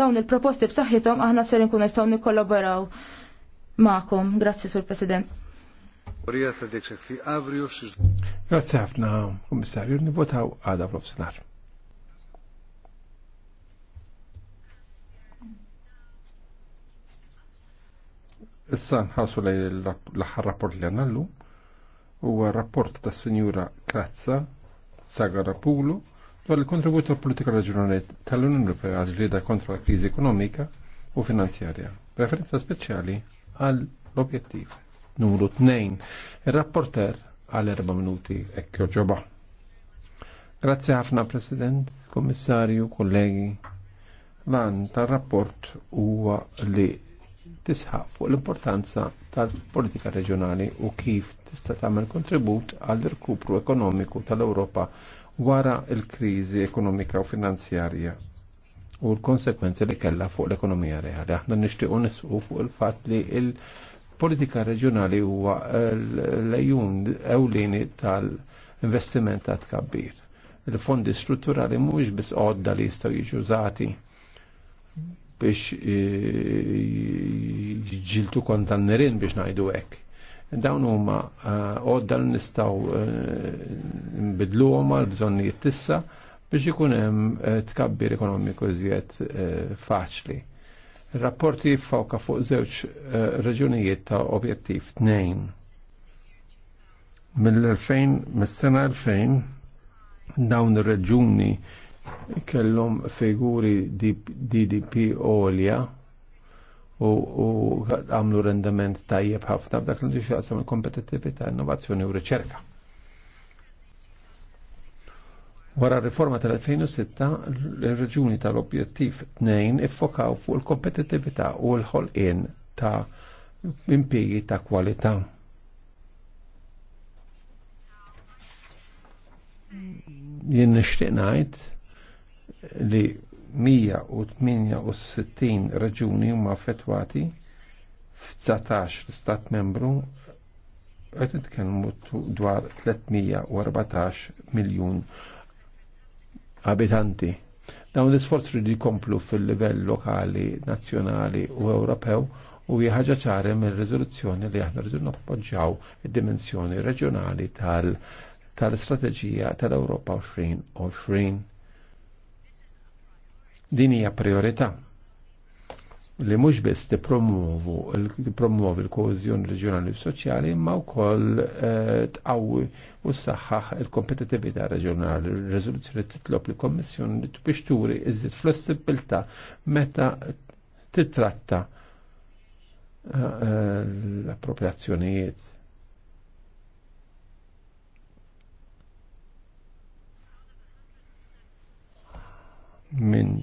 dawn il-proposti b'saħħithom aħna ser nkun nistgħu nikkollaboraw magħkom. Grazzi sur President. Grazzi ħafna, Kummissarju, nivotaw għada fl-ofsenar. Issa nħassu lej l-aħħar rapport li għanna l-lum huwa rapport ta' Sinjura Krazza Sagarapulu dwar il-kontribut politika reġjonali tal-Unjoni Ewropea għal ġlieda kontra la kriżi ekonomika u finanzjarja. Referenza speċjali għal l-objettiv numru 2. il rapporter għal 4 minuti ekkjo ġoba. Grazie ħafna President, Kommissarju, kollegi. Lan tar-rapport huwa li tisħaq fuq l-importanza tal-politika reġjonali u kif tista' tagħmel kontribut għall-irkupru ekonomiku tal-Ewropa wara il-kriżi ekonomika u finanzjarja u l-konsekwenzi li kellha fuq l-ekonomija reali. Aħna nixtiequ nisqu fuq il-fatt li il-politika reġjonali huwa l-ejjun ewlieni tal-investiment ta' tkabbir. Il-fondi strutturali mhuwiex biss għodda li jistgħu jiġu żati biex jġiltu kontannerin biex najdu hekk. Dawn huma għodda li nistgħu nbidluhom għal bżonnijiet tissa biex ikun hemm tkabbir ekonomiku iżjed faċli. rapporti jiffawka fuq żewġ reġunijiet ta' objettiv tnejn mill-2000, mis-sena 2000, dawn ir-reġuni kellhom figuri DDP olja u għamlu rendement tajjeb ħafna f'dak li xaqsam il kompetitivita innovazzjoni u riċerka. Wara riforma tal-2006, il-reġuni tal-objettiv 2 iffokaw fuq il kompetitivita u l-ħolqien ta' impiegi ta' kwalità. Jien nixtieq ngħid li 168 reġuni huma affettwati f'19 stat membru qed nitkellmu dwar 314 miljun abitanti. Dawn l-isforz rridu jkomplu fil-livell lokali, nazzjonali u Ewropew u jħagġa ċara mill riżoluzzjoni li aħna rridu nappoġġaw id-dimensjoni reġjonali tal-istrateġija tal-Ewropa 2020. Din hija priorità li mhux biss tippromuovu tippromuovi l-koeżjoni reġjonali u soċjali imma wkoll eh, tqawwi u ssaħħaħ il-kompetitività reġjonali. Ir-riżoluzzjoni titlob li kommissjoni li biex turi iżid flessibilità meta titratta eh, eh, l-appropriazzjonijiet. Minn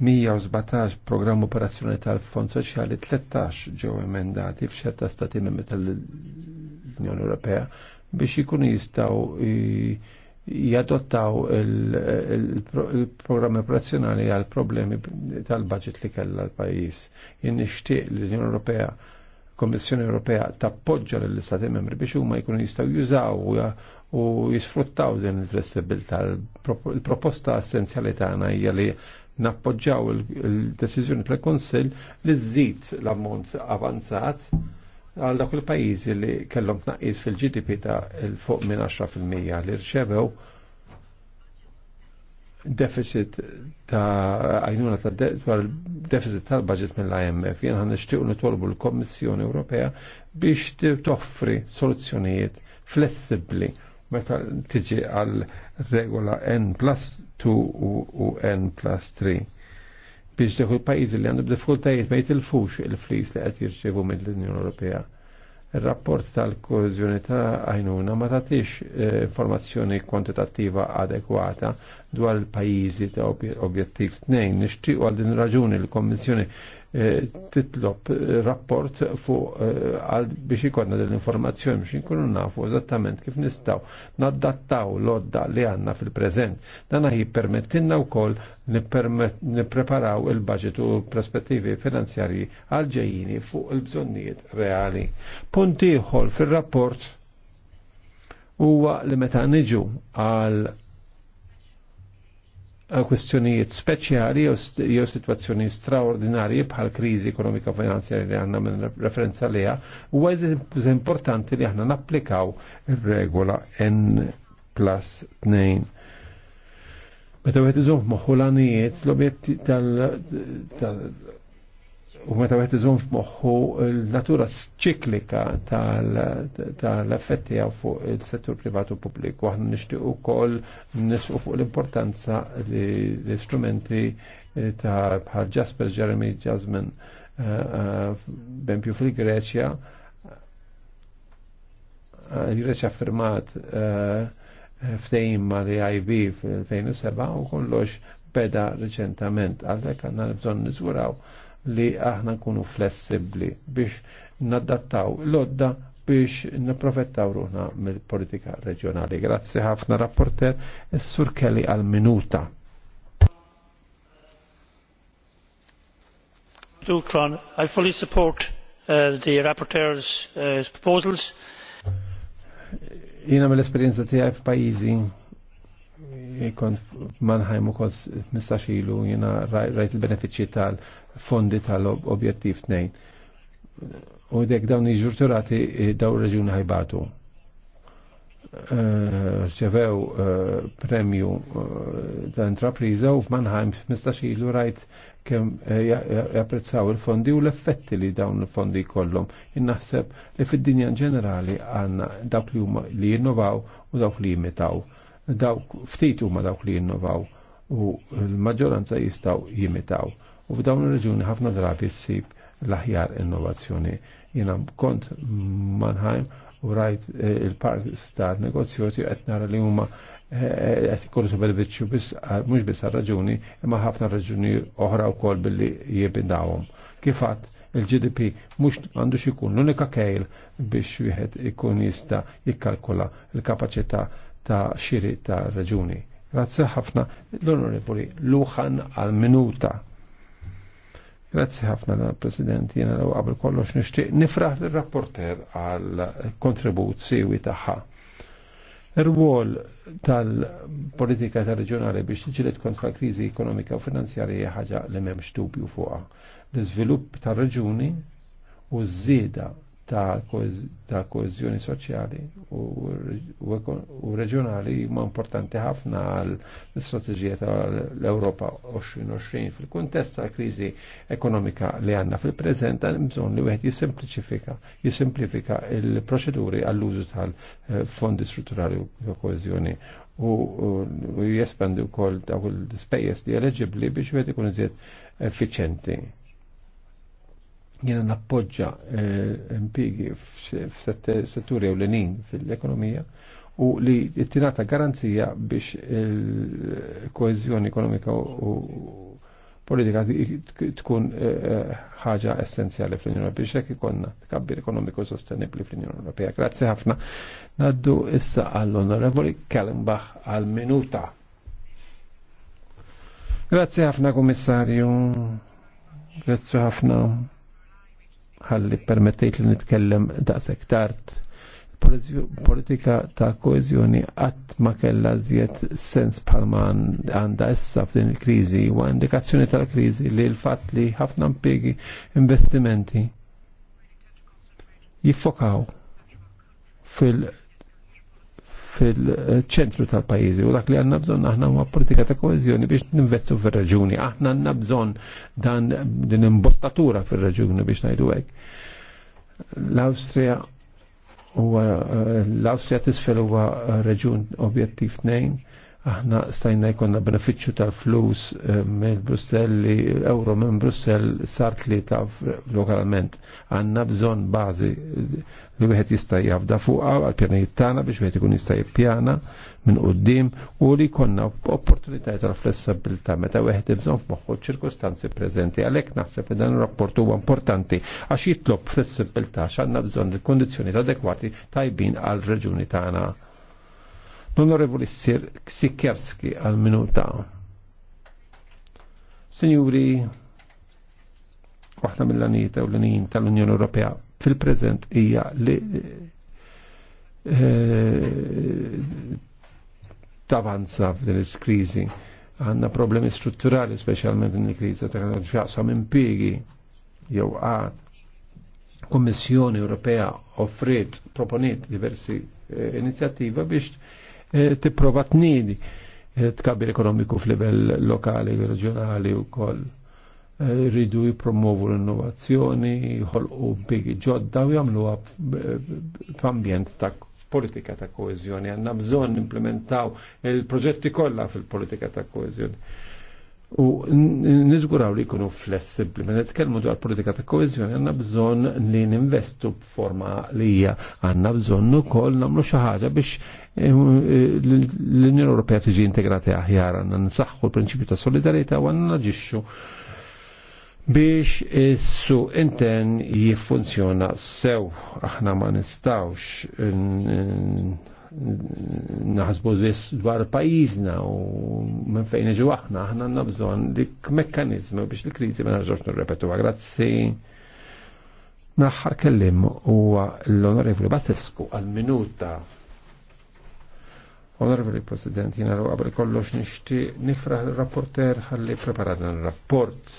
117 program operazzjoni tal-Fond Soċjali 13 ġew emendati f'xerta stati membri tal-Unjoni Ewropea biex ikunu jistgħu jadottaw il-programm operazzjonali għal problemi tal-budget li kellha l-pajjiż. Jien nixtieq l-Unjoni Ewropea Kommissjoni Ewropea tappoġġa lill istati membri biex huma jkunu jistgħu jużaw u jisfruttaw din il-flessibilità. Il-proposta essenzjali tagħna hija li nappoġġaw il-deċiżjoni tal-Konsil li żżid l-ammont avanzat għal dak il-pajjiżi li kellhom tnaqqis fil-GDP ta' il fuq minn 10% li rċevew deficit ta' għajnuna ta' deficit tal-budget mill-IMF. Jena nishtiq nitolbu l-Kommissjoni Ewropea biex toffri soluzzjonijiet flessibli meta tiġi għal regola n plus 2 u n plus 3 biex deħu il pajizi li għandu b'difkultajiet ma jitilfux il-flis li qed jirċevu mill-Unjoni Ewropea. Il-rapport tal-kohezjoni ta' għajnuna ma tatix eh, informazzjoni kwantitattiva adekwata dwar il-pajizi ta' objettiv 2. Nixtiequ għal din raġuni l-Kommissjoni Eh, titlob eh, rapport fuq eh, għal biex ikonna l-informazzjoni biex inkunu nafu eżattament kif nistaw naddattaw l-odda li għanna fil-prezent. Dan hi permettinna wkoll nippreparaw il-budget u l-prospettivi finanzjarji għal ġejjini fuq il-bżonnijiet reali. Punt ieħor fir-rapport huwa li meta niġu għal kwestjonijiet speċjali jew situazzjoni straordinarji bħal kriżi ekonomika finanzjarja li għandna minn referenza liha, huwa eżempju importanti li aħna napplikaw ir-regola N plus 2. Meta wieħed iżomm moħħu l l-objetti tal U meta għet iżum f'moħħu l-natura ċiklika tal-effetti għaw fuq il-settur privatu pubbliku, għahna nishtiq u koll nisqu fuq l-importanza li l-istrumenti eh, ta' bħal Jasper Jeremy Jasmine eh, eh, bempju fil-Greċja, il greċja firmat f'tejma li IB fil-2007 u kollox beda reċentament, għallek għanna bżon nizguraw li aħna nkunu flessibli biex nadattaw l-odda biex niprofettaw ruħna mill-politika reġjonali. Grazzi ħafna rapporter, s-sur Kelly għal-minuta. Dukron, I fully support uh, the rapporteur's uh, proposals. Jina mill-esperienza tijaj f'pajjiżi jkun Mannheim u kol mistaxilu ilu rajt il-benefiċi tal-fondi tal-objettiv nejn. U dek dawn iġurturati eh, daw reġun ħajbatu. Eh, rċevew eh, premju ta' intrapriza u f'Mannheim mistaxilu ilu rajt kem japprezzaw il-fondi u l-effetti li dawn il-fondi kollom. Innaħseb li fid-dinja ġenerali għanna dawk li huma li jinnovaw u dawk li jimitaw dawk ftit huma dawk li jinnovaw u l-maġġoranza jistgħu jimitaw. U f'dawn ir-reġuni ħafna drabi ssib l-aħjar innovazzjoni. Jiena kont Mannheim u rajt eh, il-park star negozjoti qed nara li huma eh, eh, qed ikollu benefiċċju biss mhux biss għar-raġuni imma ħafna raġuni oħra wkoll billi jibindawhom. Kif għadd il-GDP mhux għandux ikun l-unika kejl biex wieħed ikun jista jikkalkula l kapaċità ta' xiri ta' raġuni. Grazie ħafna l-onorevoli Luħan għal minuta. Grazie ħafna l-President, jena l għabel kollox nishtiq nifraħ l-rapporter għal kontribuzzi u taħħa. Ir-wol tal-politika tal-reġjonali biex tiġilet kontra kriżi ekonomika u finanzjarija ħaġa li memx dubju fuqha. L-iżvilupp ta' reġuni u z żieda ta' koezjoni soċjali u reġjonali huma importanti ħafna għal l-istrateġija tal-Ewropa 2020 fil-kuntest ta' kriżi ekonomika li għandna fil-preżent hemm bżonn li wieħed jissimpliċifika jissimplifika il-proċeduri għall-użu tal-fondi strutturali u koezjoni u jespandi wkoll dawk il-spejjeż li eleġibbli biex wieħed ikun iżjed effiċenti Jiena nappoġġa eh, impigi f'setturi ewlenin fil-ekonomija u li jittinata garanzija biex il-koezjoni ekonomika u politika tkun eh, ħaġa essenzjali fl-Unjoni Ewropea biex jekk ikollna tkabbir ekonomiku sostenibbli fl-Unjoni Ewropea. Grazzi ħafna. Naddu issa għall-Onorevoli Kellenbach għal-minuta. Grazzi ħafna, Kummissarju. Grazzi ħafna ħalli permettejt li nitkellem daqshekk tard. Politika ta' koezjoni qatt ma kellha żjed sens bħalma għandha issa f'din il-kriżi u indikazzjoni tal-kriżi li l-fatt li ħafna impjegi investimenti jiffokaw fil fil-ċentru tal-pajizi u dak li għanna bżon aħna ma politika ta' koezjoni biex ninvestu fil-raġuni. Aħna għanna bżon dan din imbottatura fil-raġuni biex najdu għek. L-Austria u l-Austria tisfel huwa reġun objettiv tnejn aħna stajna jkonna beneficju tal-flus eh, mill Brusselli, euro minn Brussell sart li ta' lokalment. Għanna bżon bazi li wieħed jista' jafda fuqha għal-pjanijiet tagħna biex wieħed ikun jista' jippjana minn quddiem, u li konna opportunitajiet tal flessibilità meta wieħed imżon f'moħħu ċirkostanzi preżenti. Għalhekk naħseb li dan ir-rapport huwa importanti għax jitlob flessibilità x'għandna bżonn il-kondizzjonijiet adekwati tajbin għal-reġuni tagħna. L-Onorevoli Sikerski għal-minuta. Signori, waħna mill-anita u l-anin tal-Unjoni Ewropea fil-prezent hija li eh, tavanza f'din il-krizi. Għanna problemi strutturali, specialment din il-krizi, ta' għanna impiegi, jew għad. Kommissjoni Ewropea offrit, proponiet diversi eh, inizjattiva biex Eh, tipprova tnidi eh, tkabbir ekonomiku f'livell lokali, reġjonali u koll. Eh, Ridu jipromovu l-innovazzjoni, jħolqu bigi ġodda u jagħmlu f'ambjent ta' politika ta' koezjoni. Għandna bżonn implementaw il-proġetti kollha fil-politika ta' koezjoni u nizguraw li jkunu flessibli. ma nitkellmu dwar politika ta' koezjoni, għandna bżonn li ninvestu b'forma li hija għandna bżonn ukoll nagħmlu xi ħaġa biex eh, l-Unjoni Ewropea tiġi integrati aħjar għandna nsaħħu l-prinċipju ta' solidarjetà u għanna naġixxu biex issu intern jiffunzjona sew aħna ma nistawx eh, naħsbu dwar pajizna u minn fejn iġu aħna, aħna għanna bżonn dik mekkanizmu biex l kriżi ma nerġgħux repetu Grazzi. Naħħar kellim huwa l-Onorevoli Basescu għal-minuta. Onorevoli President, jena għabri kollox nishti nifraħ l rapporter ħalli preparat il-rapport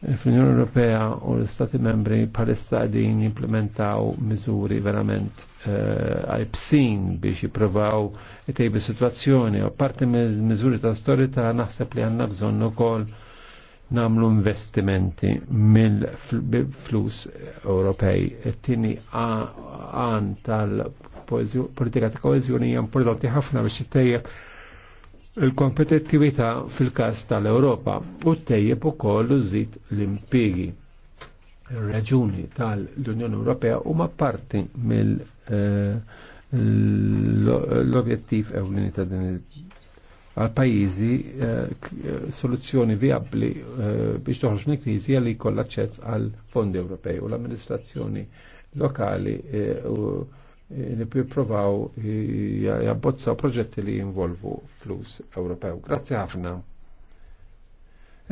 fl-Unjoni Ewropea u l-Stati membri palissa din jimplementaw miżuri verament eh, għajbsin biex jiprovaw jtejbu situazzjoni. U parti miżuri ta' storita naħseb li għanna bżonn ukoll namlu investimenti mill-flus Ewropej. Tini għan tal-politika ta' koezjoni importanti ħafna biex jittejjeb il-kompetittività fil-kas tal-Europa u tejjeb ukoll użid l-impjegi. Ir-raġuni tal-Unjoni Ewropea huma parti mill eh, l-objettiv ewlieni ta' din għal pajjiżi eh, soluzzjoni viabli eh, biex toħroġ minn kriżi għal jkoll aċċess għal fondi Ewropej u l-amministrazzjoni lokali u nippruvaw jabbozzaw proġetti li jinvolvu flus Ewropew. Grazzi ħafna.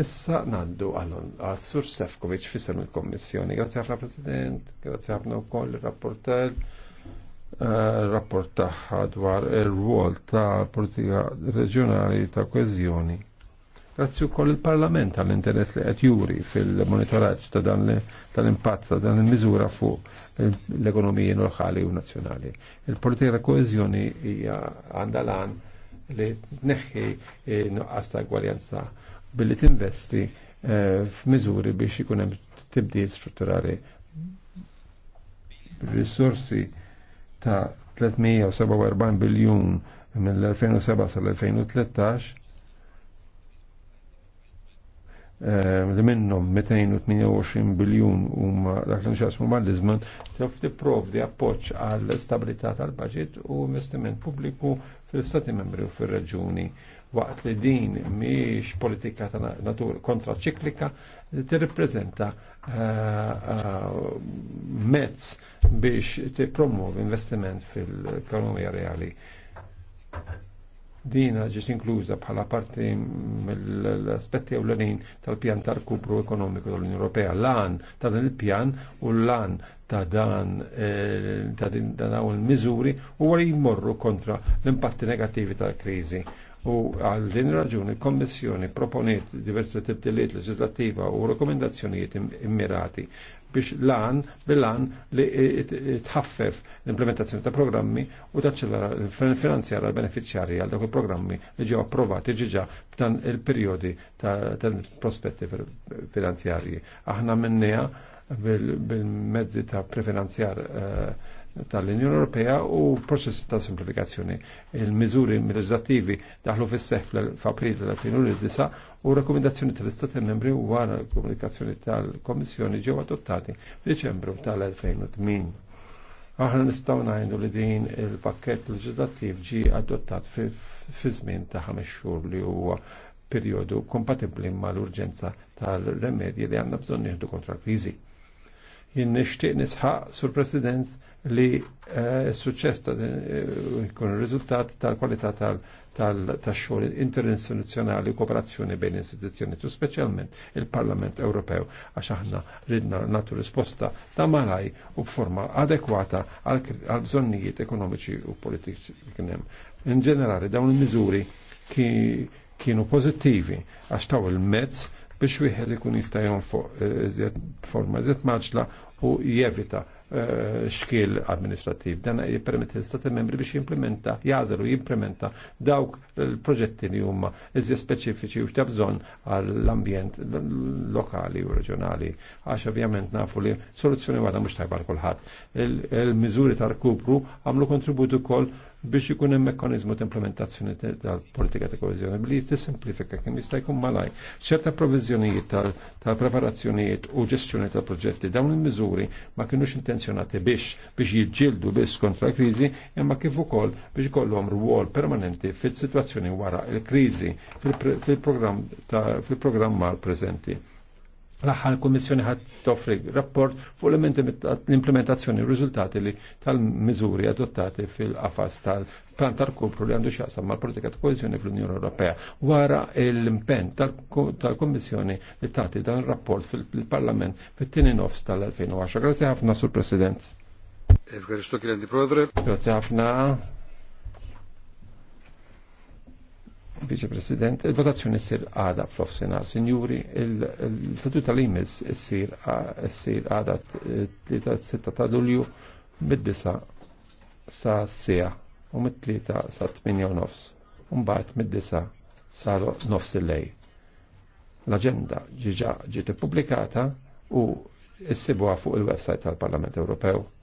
Issa għallon għal-Sur Sefkovic fissem il-Kommissjoni. Grazzi ħafna President, grazzi ħafna u koll il-rapportel eh, rapport taħħa dwar il ruol ta' politika reġjonali ta' kwezjoni Grazzi wkoll il-Parlament għall-interess li qed juri fil-monitoraġġ ta' dan tal-impatt ta' dan il-miżura fuq l-ekonomiji lokali u nazzjonali. Il-politika koeżjoni hija għandalan lan li tneħħi nuqqas ta' gwaljanza billi tinvesti eh, f'miżuri biex ikun hemm tibdil strutturali risorsi ta' 347 biljun mill-2007 sal-2013 Eh, li minnum 228 biljun um dak li nxasmu mal-lizman di appoċ għall stabilità tal-budget u investiment publiku fil-Stati membri u fil-reġuni waqt li din miex politika ta' natur kontraċiklika li t-reprezenta eh, eh, mezz biex tippromuovi investiment fil-ekonomija reali. Dina ġiet inkluża bħala parti mill-aspetti ewlenin tal-pjan tal-kubru ekonomiku tal-Unjoni Ewropea. Lan ta' dan il-pjan u l lan ta' dan eh, ta' din il-miżuri huwa li jmorru kontra l-impatti negattivi tal-kriżi. U għal din raġuni il-Kommissjoni proponiet diversi tibdiliet leġislattiva u rekomendazzjonijiet immirati biex lan bilan li tħaffef l-implementazzjoni ta' programmi u taċċellera finanzjar finanzjara l-beneficjari għal dawk il-programmi li ġew approvati ġiġa f'dan il periodi ta' prospetti finanzjarji. Aħna minnija bil-mezzi ta' prefinanzjar eh, tal-Unjoni Ewropea u proċess ta' simplifikazzjoni. Il-miżuri leġislattivi daħlu fis-seħf f'April tal-2009 u rakkomendazzjoni tal-Istati membri wara l-komunikazzjoni tal-Kommissjoni ġew adottati f'Diċembru tal-2008. Aħna nistgħu ngħidu li din il-pakkett leġislattiv ġi adottat fi żmien ta' ħames xhur li huwa perjodu kompatibbli mal-urġenza tal-remedji li għandna bżonn nieħdu kontra l-kriżi. Jien nixtieq nisħaq sur President li eh, s-suċċess ta' eh, jkun riżultat tal-kwalità tal-xogħol interinstituzzjonali u kooperazzjoni bejn istituzzjoni tu speċjalment il-Parlament Ewropew għax aħna ridna natu risposta ta' malaj u b'forma adekwata għal bżonnijiet ekonomiċi u politiċi kien hemm. In ġenerali dawn il-miżuri kienu pożittivi għax taw il-mezz biex wieħed ikun jista' jonfoq eh, forma iżjed maġla u jevita Eh, xkil amministrativ. Dan jippermetti l-Stati membri biex jimplementa, jażelu jimplementa dawk l-proġetti li huma iżja speċifiċi u bżonn għall-ambjent lokali u reġjonali. Għax ovvjament nafu li soluzzjoni waħda mhux tajbar kulħadd. Il-miżuri tal-kupru għamlu kontributu kol biex ikun hemm mekkaniżmu ta' implementazzjoni tal-politika ta' koeżjoni billi jissimplifika kemm jista' jkun malaj ċerta provviżjonijiet tal-preparazzjonijiet u ġestjoni tal-proġetti dawn il-miżuri ma kinux inten intenzjonati biex biex jiġġieldu biss kontra l-kriżi, imma kif ukoll biex ikollhom ruol permanenti fil-sitwazzjoni wara l-kriżi fil-programm fil mal preżenti. L-aħħar kummissjoni ħad toffri rapport fuq l-implementazzjoni riżultati li tal-miżuri adottati fil-qafas tal-plan tal-kupru li għandu xaqsam mal-politika ta' koezjoni fl-Unjoni Ewropea wara l-impenn tal-Kummissjoni li tagħti dan rapport fil-Parlament fit-tieni nofs tal-2010. Grazie ħafna, Sur President. Grazie ħafna. Vice President, il-votazzjoni s-sir għada fl-offsenar. Signuri, il-statut tal-imis s-sir għada 6 ta' dulju mid disa sa' s-sija u mid-3 sa' 8 nofs. bat mid disa sa' nofs il-lej. L-agenda ġiġa ġiet publikata u s sibu fuq il-website tal-Parlament Ewropew.